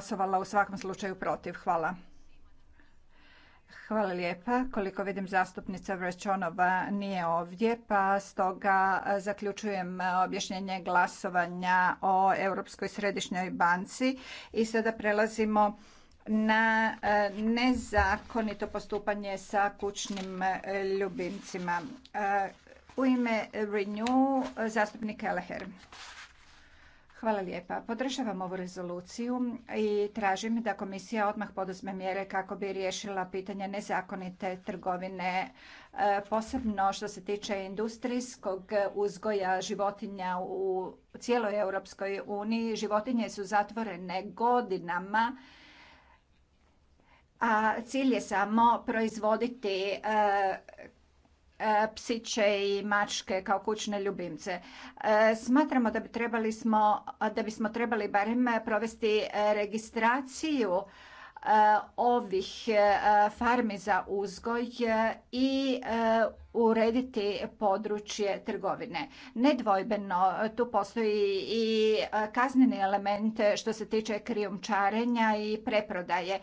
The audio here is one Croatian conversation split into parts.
glasovala u svakom slučaju protiv. Hvala. Hvala lijepa. Koliko vidim zastupnica Vrećonova nije ovdje, pa stoga zaključujem objašnjenje glasovanja o Europskoj središnjoj banci i sada prelazimo na e, nezakonito postupanje sa kućnim e, ljubimcima. E, u ime Renew zastupnik Eleher. Hvala lijepa. Podržavam ovu rezoluciju i tražim da komisija odmah poduzme mjere kako bi riješila pitanje nezakonite trgovine, e, posebno što se tiče industrijskog uzgoja životinja u cijeloj Europskoj uniji. Životinje su zatvorene godinama, a cilj je samo proizvoditi e, psiće i mačke kao kućne ljubimce. E, smatramo da bi trebali da bismo trebali barem provesti registraciju E, ovih e, farmi za uzgoj e, i urediti područje trgovine. Nedvojbeno tu postoji i kazneni element što se tiče krijumčarenja i preprodaje.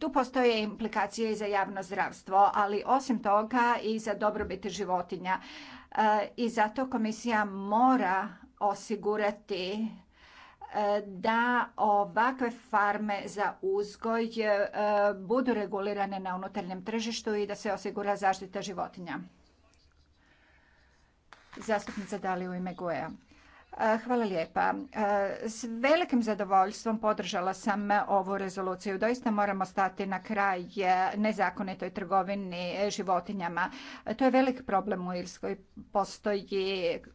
Tu postoje implikacije i za javno zdravstvo, ali osim toga i za dobrobit životinja. I zato komisija mora osigurati da ovakve farme za uzgoj e, budu regulirane na unutarnjem tržištu i da se osigura zaštita životinja. Zastupnica Dali u ime GUE-a. Eh, hvala lijepa. Eh, s velikim zadovoljstvom podržala sam ovu rezoluciju. Doista moramo stati na kraj eh, nezakonitoj trgovini životinjama. To je velik problem u Irskoj. Postoji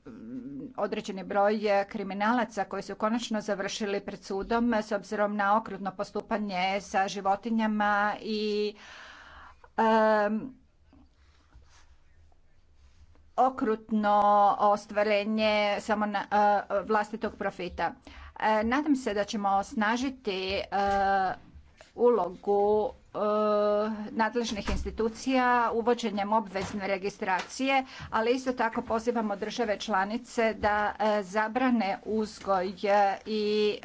mm, određeni broj kriminalaca koji su konačno završili pred sudom s obzirom na okrutno postupanje sa životinjama i ehm, okrutno ostvarenje samo na, e, vlastitog profita. E, nadam se da ćemo osnažiti e, ulogu nadležnih institucija uvođenjem obvezne registracije, ali isto tako pozivamo države članice da zabrane uzgoj i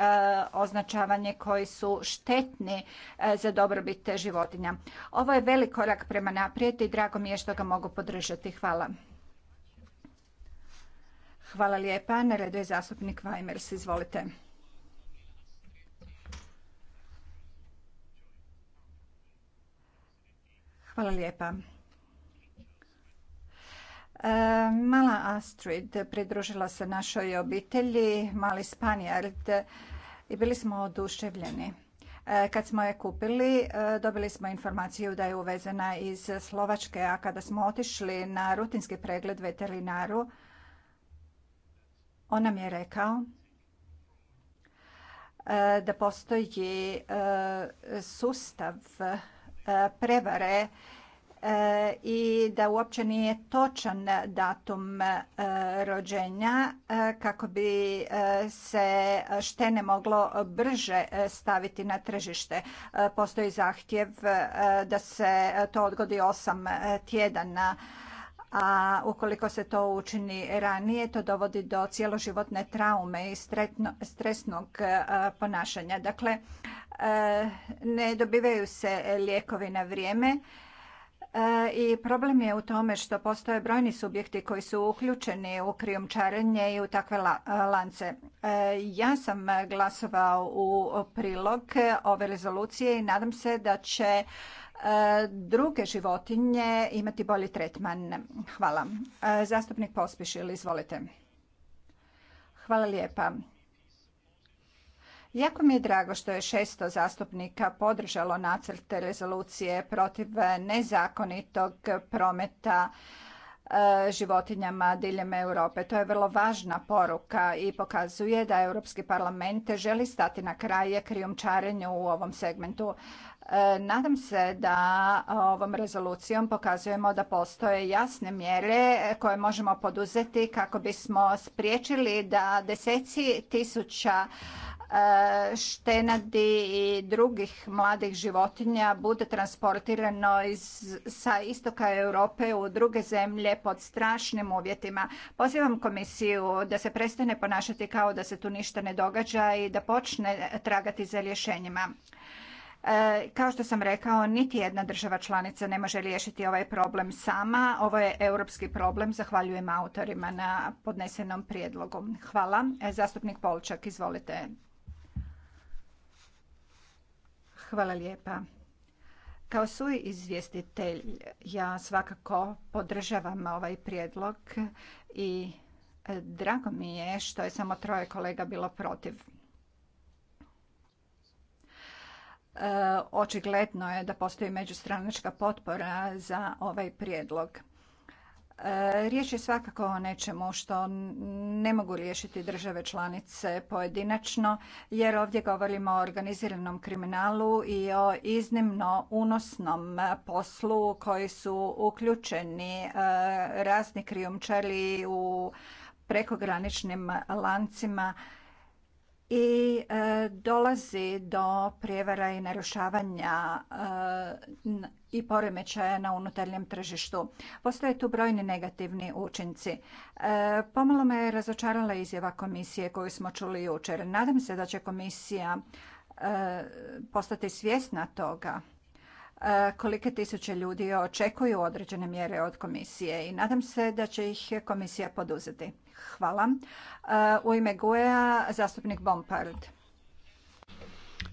označavanje koji su štetni za dobrobit životinja. Ovo je velik korak prema naprijed i drago mi je što ga mogu podržati. Hvala. Hvala lijepa. Na redu je zastupnik Weimers. Izvolite. Hvala lijepa. E, mala Astrid pridružila se našoj obitelji, mali Spanjard, i bili smo oduševljeni. E, kad smo je kupili, e, dobili smo informaciju da je uvezena iz Slovačke, a kada smo otišli na rutinski pregled veterinaru, on nam je rekao e, da postoji e, sustav e, prevare i da uopće nije točan datum rođenja kako bi se štene moglo brže staviti na tržište. Postoji zahtjev da se to odgodi osam tjedana a ukoliko se to učini ranije, to dovodi do cijeloživotne traume i stresnog e, ponašanja. Dakle, e, ne dobivaju se lijekovi na vrijeme e, i problem je u tome što postoje brojni subjekti koji su uključeni u krijumčarenje i u takve lance. Ja sam glasovao u prilog ove rezolucije i nadam se da će E, druge životinje imati bolji tretman. Hvala. E, zastupnik Pospišil, izvolite. Hvala lijepa. Jako mi je drago što je šesto zastupnika podržalo nacrte rezolucije protiv nezakonitog prometa e, životinjama diljem Europe. To je vrlo važna poruka i pokazuje da Europski parlament želi stati na kraj krijumčarenju u ovom segmentu. E, nadam se da ovom rezolucijom pokazujemo da postoje jasne mjere koje možemo poduzeti kako bismo spriječili da deseci tisuća e, štenadi i drugih mladih životinja bude transportirano iz, sa istoka Europe u druge zemlje pod strašnim uvjetima. Pozivam komisiju da se prestane ponašati kao da se tu ništa ne događa i da počne tragati za rješenjima. E, kao što sam rekao, niti jedna država članica ne može riješiti ovaj problem sama. Ovo je europski problem. Zahvaljujem autorima na podnesenom prijedlogu. Hvala. E, zastupnik Polčak, izvolite. Hvala lijepa. Kao suj izvjestitelj ja svakako podržavam ovaj prijedlog i drago mi je što je samo troje kolega bilo protiv. Eh, očigledno je da postoji međustranačka potpora za ovaj prijedlog. Eh, riječ je svakako o nečemu što ne mogu riješiti države članice pojedinačno, jer ovdje govorimo o organiziranom kriminalu i o iznimno unosnom poslu koji su uključeni eh, razni krijumčari u prekograničnim lancima i e, dolazi do prijevara i narušavanja e, i poremećaja na unutarnjem tržištu. Postoje tu brojni negativni učinci. E, pomalo me je razočarala izjava komisije koju smo čuli jučer. Nadam se da će komisija postati svjesna toga kolike tisuće ljudi očekuju određene mjere od komisije i nadam se da će ih komisija poduzeti. Hvala. Uh, u ime Goja, zastupnik Bompard.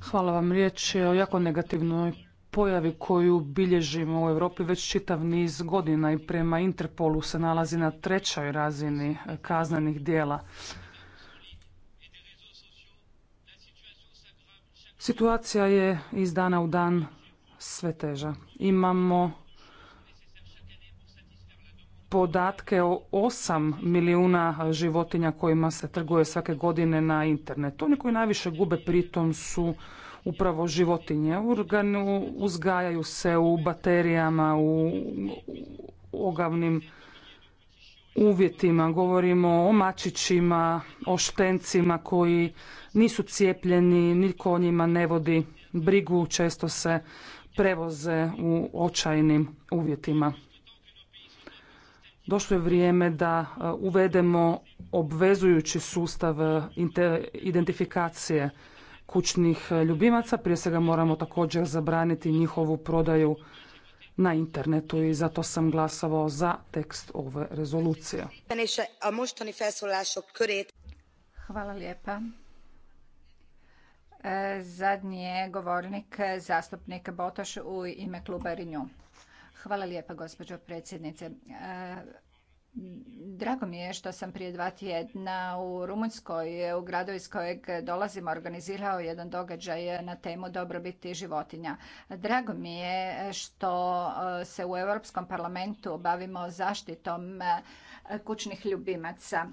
Hvala vam. Riječ je o jako negativnoj pojavi koju bilježimo u Europi već čitav niz godina i prema Interpolu se nalazi na trećoj razini kaznenih dijela. Situacija je iz dana u dan sve teža. Imamo podatke o osam milijuna životinja kojima se trguje svake godine na internetu. Oni koji najviše gube pritom su upravo životinje. Urganu uzgajaju se u baterijama, u ogavnim uvjetima. Govorimo o mačićima, o štencima koji nisu cijepljeni, niko o njima ne vodi brigu, često se prevoze u očajnim uvjetima. Došlo je vrijeme da e, uvedemo obvezujući sustav e, identifikacije kućnih e, ljubimaca. Prije svega moramo također zabraniti njihovu prodaju na internetu i zato sam glasovao za tekst ove rezolucije. Hvala lijepa. Zadnji je govornik zastupnik Botoš u ime kluba Renew. Hvala lijepa, gospođo predsjednice. E, drago mi je što sam prije dva tjedna u Rumunjskoj, u gradu iz kojeg dolazim, organizirao jedan događaj na temu dobrobiti životinja. Drago mi je što e, se u Europskom parlamentu bavimo zaštitom e, kućnih ljubimaca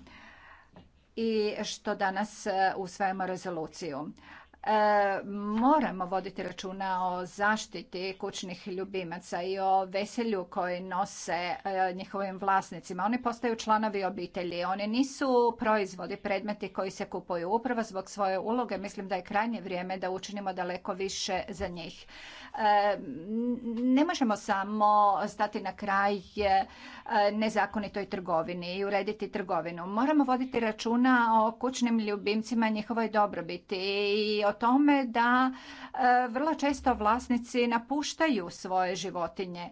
i što danas usvajamo rezoluciju. E, moramo voditi računa o zaštiti kućnih ljubimaca i o veselju koji nose e, njihovim vlasnicima. Oni postaju članovi obitelji. Oni nisu proizvodi, predmeti koji se kupuju. Upravo zbog svoje uloge mislim da je krajnje vrijeme da učinimo daleko više za njih. E, ne možemo samo stati na kraj nezakonitoj trgovini i urediti trgovinu. Moramo voditi računa o kućnim ljubimcima i njihovoj dobrobiti i tome da e, vrlo često vlasnici napuštaju svoje životinje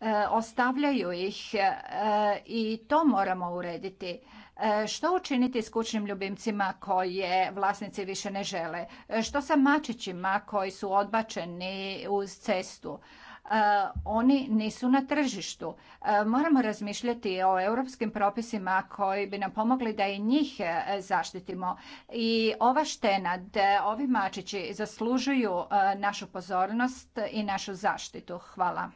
e, ostavljaju ih e, i to moramo urediti. Što učiniti s kućnim ljubimcima koje vlasnici više ne žele? Što sa mačićima koji su odbačeni uz cestu? E, oni nisu na tržištu. E, moramo razmišljati o europskim propisima koji bi nam pomogli da i njih e, zaštitimo. I ova da ovi mačići zaslužuju našu pozornost i našu zaštitu. Hvala.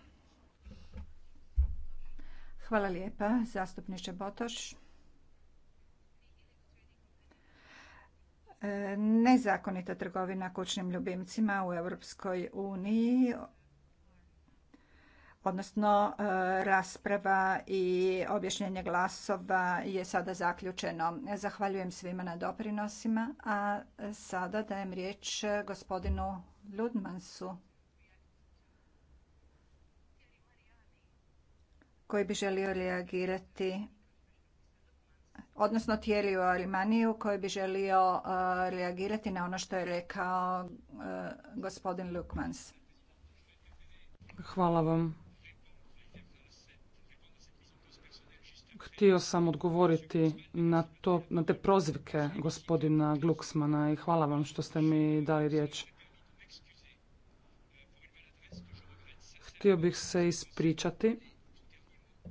Hvala lijepa, zastupniče Botoš. Nezakonita trgovina kućnim ljubimcima u Europskoj uniji odnosno e, rasprava i objašnjenje glasova je sada zaključeno. Zahvaljujem svima na doprinosima, a sada dajem riječ gospodinu Ludmansu koji bi želio reagirati odnosno tjerio Arimaniju koji bi želio e, reagirati na ono što je rekao e, gospodin Lukmans. Hvala vam Htio sam odgovoriti na, to, na te prozivke gospodina Glucksmana i hvala vam što ste mi dali riječ. Htio bih se ispričati e,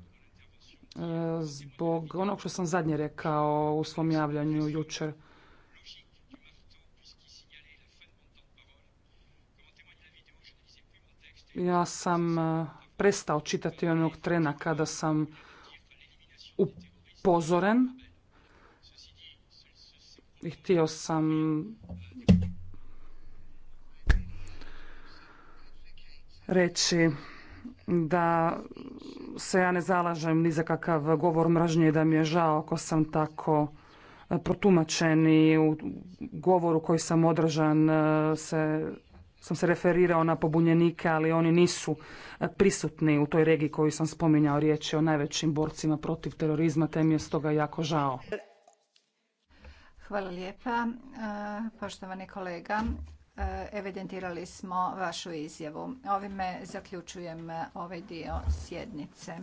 zbog onog što sam zadnje rekao u svom javljanju jučer. Ja sam e, prestao čitati onog trena kada sam upozoren htio sam reći da se ja ne zalažem ni za kakav govor mržnje i da mi je žao ako sam tako e, protumačen i u govoru koji sam održan e, se sam se referirao na pobunjenike, ali oni nisu e, prisutni u toj regiji koju sam spominjao. Riječ je o najvećim borcima protiv terorizma, te mi je stoga jako žao. Hvala lijepa, e, poštovani kolega. E, evidentirali smo vašu izjavu. Ovime zaključujem ovaj dio sjednice.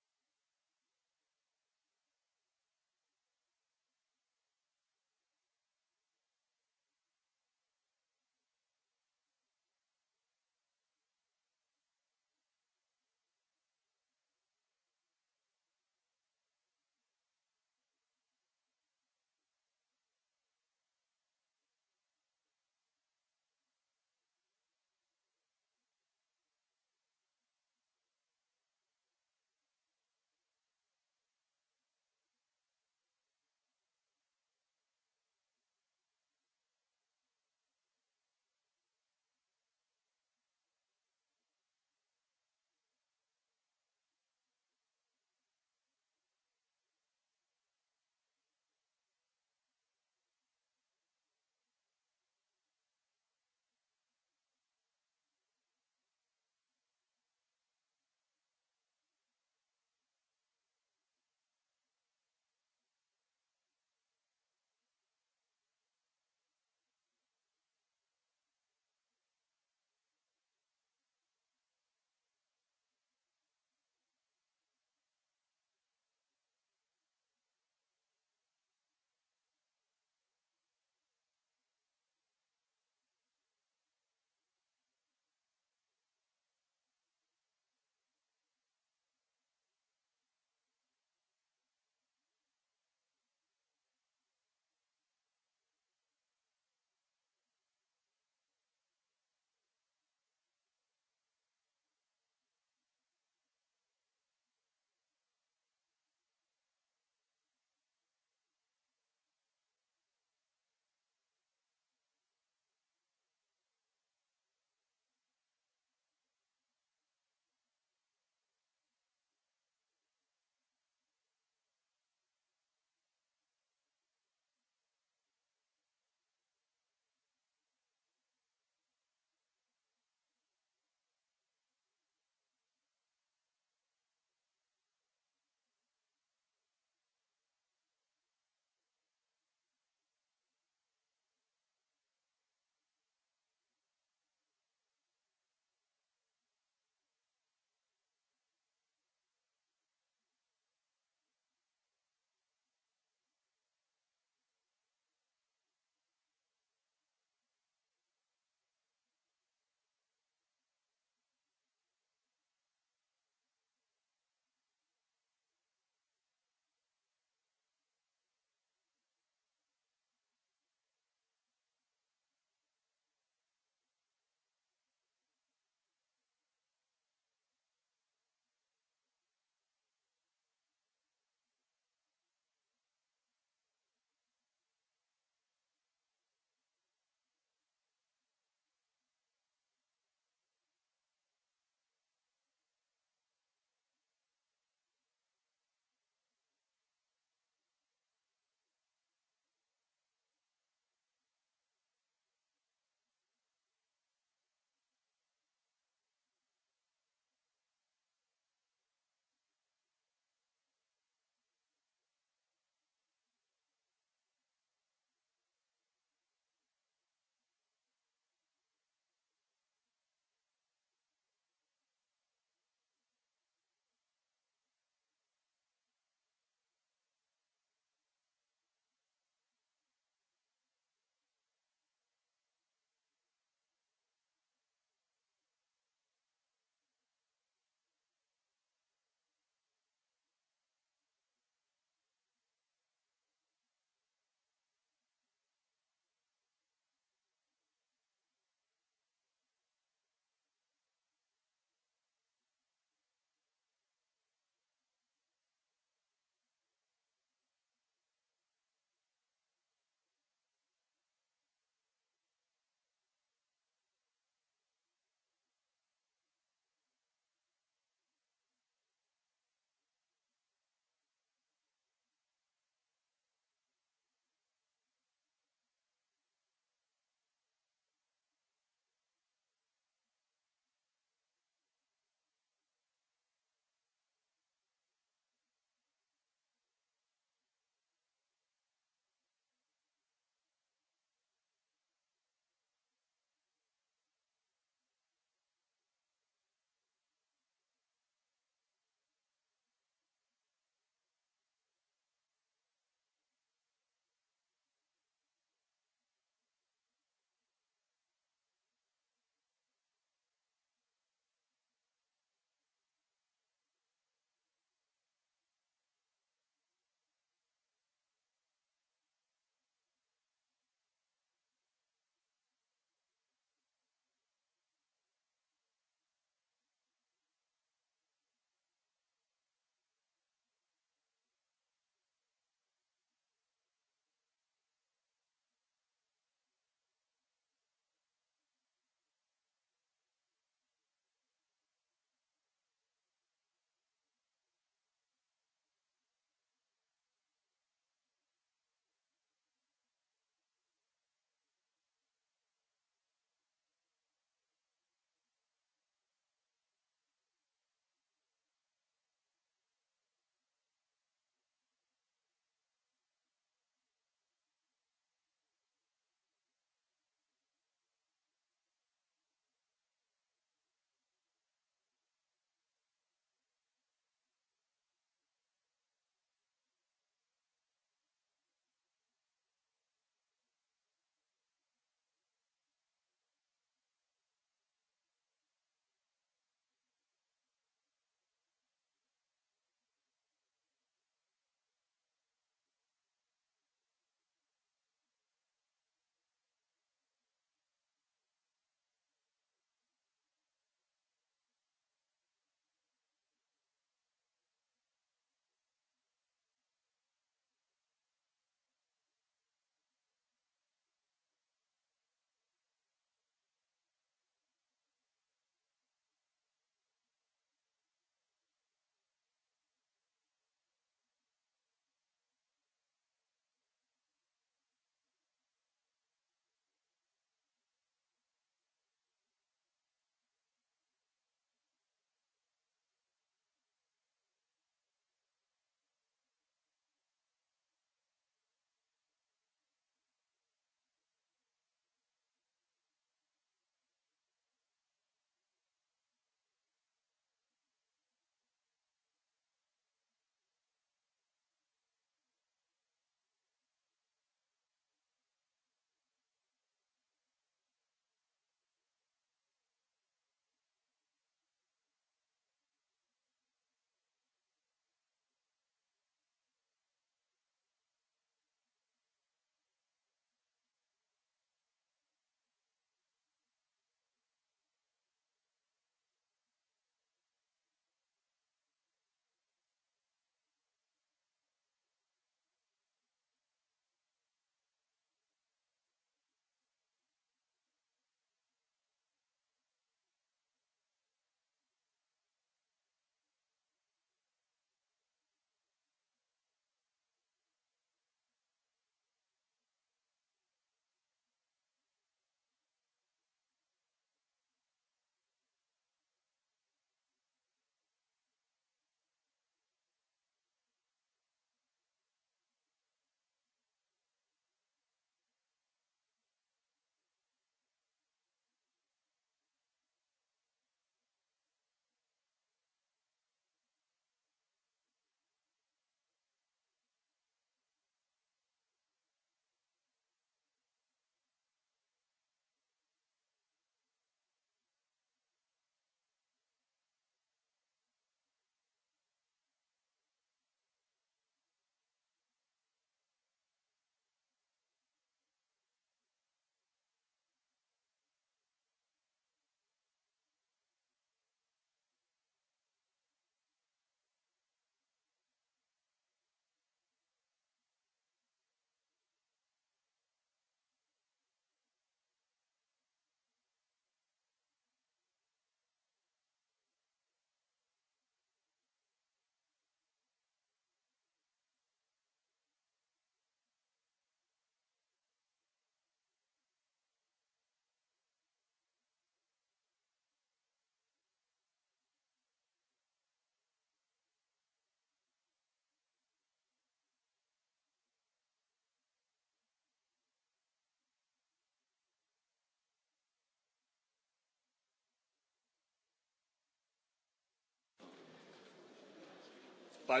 pa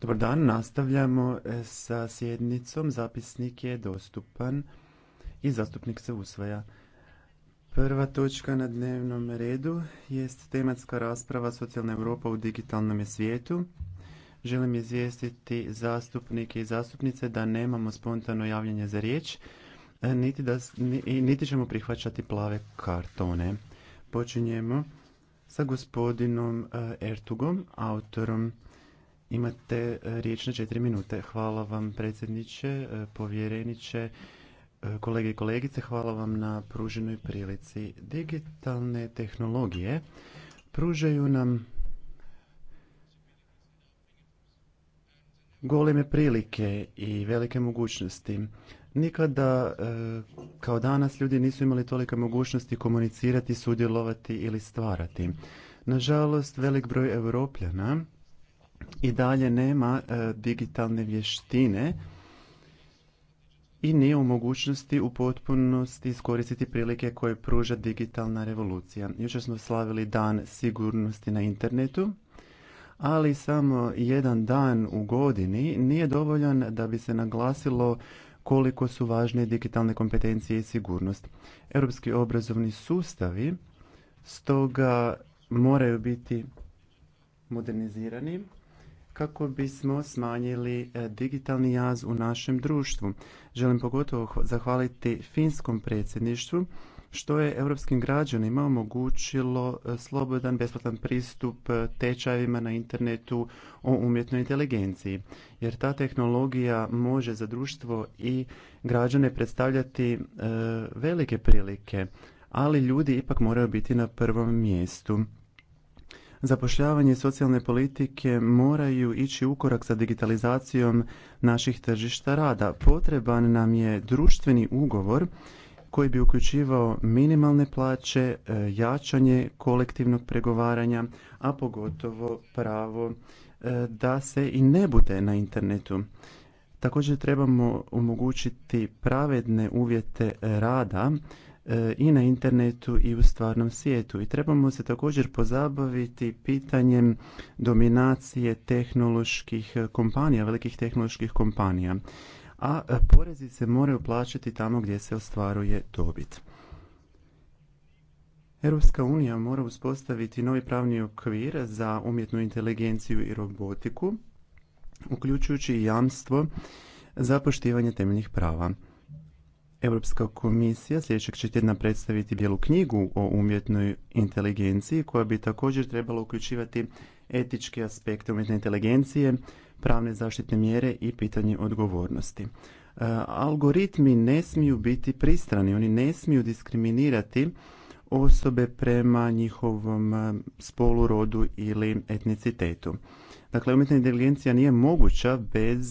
Dobar dan, nastavljamo e, sa sjednicom. Zapisnik je dostupan i zastupnik se usvaja. Prva točka na dnevnom redu jest tematska rasprava Socijalna Europa u digitalnom svijetu. Želim izvijestiti zastupnike i zastupnice da nemamo spontano javljanje za riječ niti, da, niti ćemo prihvaćati plave kartone. Počinjemo sa gospodinom e, Ertugom, autorom. Imate e, riječ na četiri minute. Hvala vam predsjedniče, e, povjereniče, kolege i kolegice. Hvala vam na pruženoj prilici. Digitalne tehnologije pružaju nam goleme prilike i velike mogućnosti. Nikada e, kao danas ljudi nisu imali tolike mogućnosti komunicirati, sudjelovati ili stvarati. Nažalost, velik broj europljana i dalje nema e, digitalne vještine i nije u mogućnosti u potpunosti iskoristiti prilike koje pruža digitalna revolucija. Jučer smo slavili dan sigurnosti na internetu, ali samo jedan dan u godini nije dovoljan da bi se naglasilo koliko su važne digitalne kompetencije i sigurnost. Europski obrazovni sustavi stoga moraju biti modernizirani kako bismo smanjili e, digitalni jaz u našem društvu. Želim pogotovo zahvaliti finskom predsjedništvu što je europskim građanima omogućilo e, slobodan, besplatan pristup e, tečajevima na internetu o umjetnoj inteligenciji. Jer ta tehnologija može za društvo i građane predstavljati e, velike prilike, ali ljudi ipak moraju biti na prvom mjestu. Zapošljavanje socijalne politike moraju ići u korak sa digitalizacijom naših tržišta rada. Potreban nam je društveni ugovor koji bi uključivao minimalne plaće, e, jačanje kolektivnog pregovaranja, a pogotovo pravo e, da se i ne bude na internetu. Također trebamo omogućiti pravedne uvjete rada e, i na internetu i u stvarnom svijetu. I trebamo se također pozabaviti pitanjem dominacije tehnoloških kompanija, velikih tehnoloških kompanija a e, porezi se moraju plaćati tamo gdje se ostvaruje dobit. Europska unija mora uspostaviti novi pravni okvir za umjetnu inteligenciju i robotiku, uključujući i jamstvo za poštivanje temeljnih prava. Europska komisija sljedećeg će tjedna predstaviti bijelu knjigu o umjetnoj inteligenciji koja bi također trebala uključivati etičke aspekte umjetne inteligencije, pravne zaštitne mjere i pitanje odgovornosti. E, algoritmi ne smiju biti pristrani, oni ne smiju diskriminirati osobe prema njihovom e, spolu, rodu ili etnicitetu. Dakle, umjetna inteligencija nije moguća bez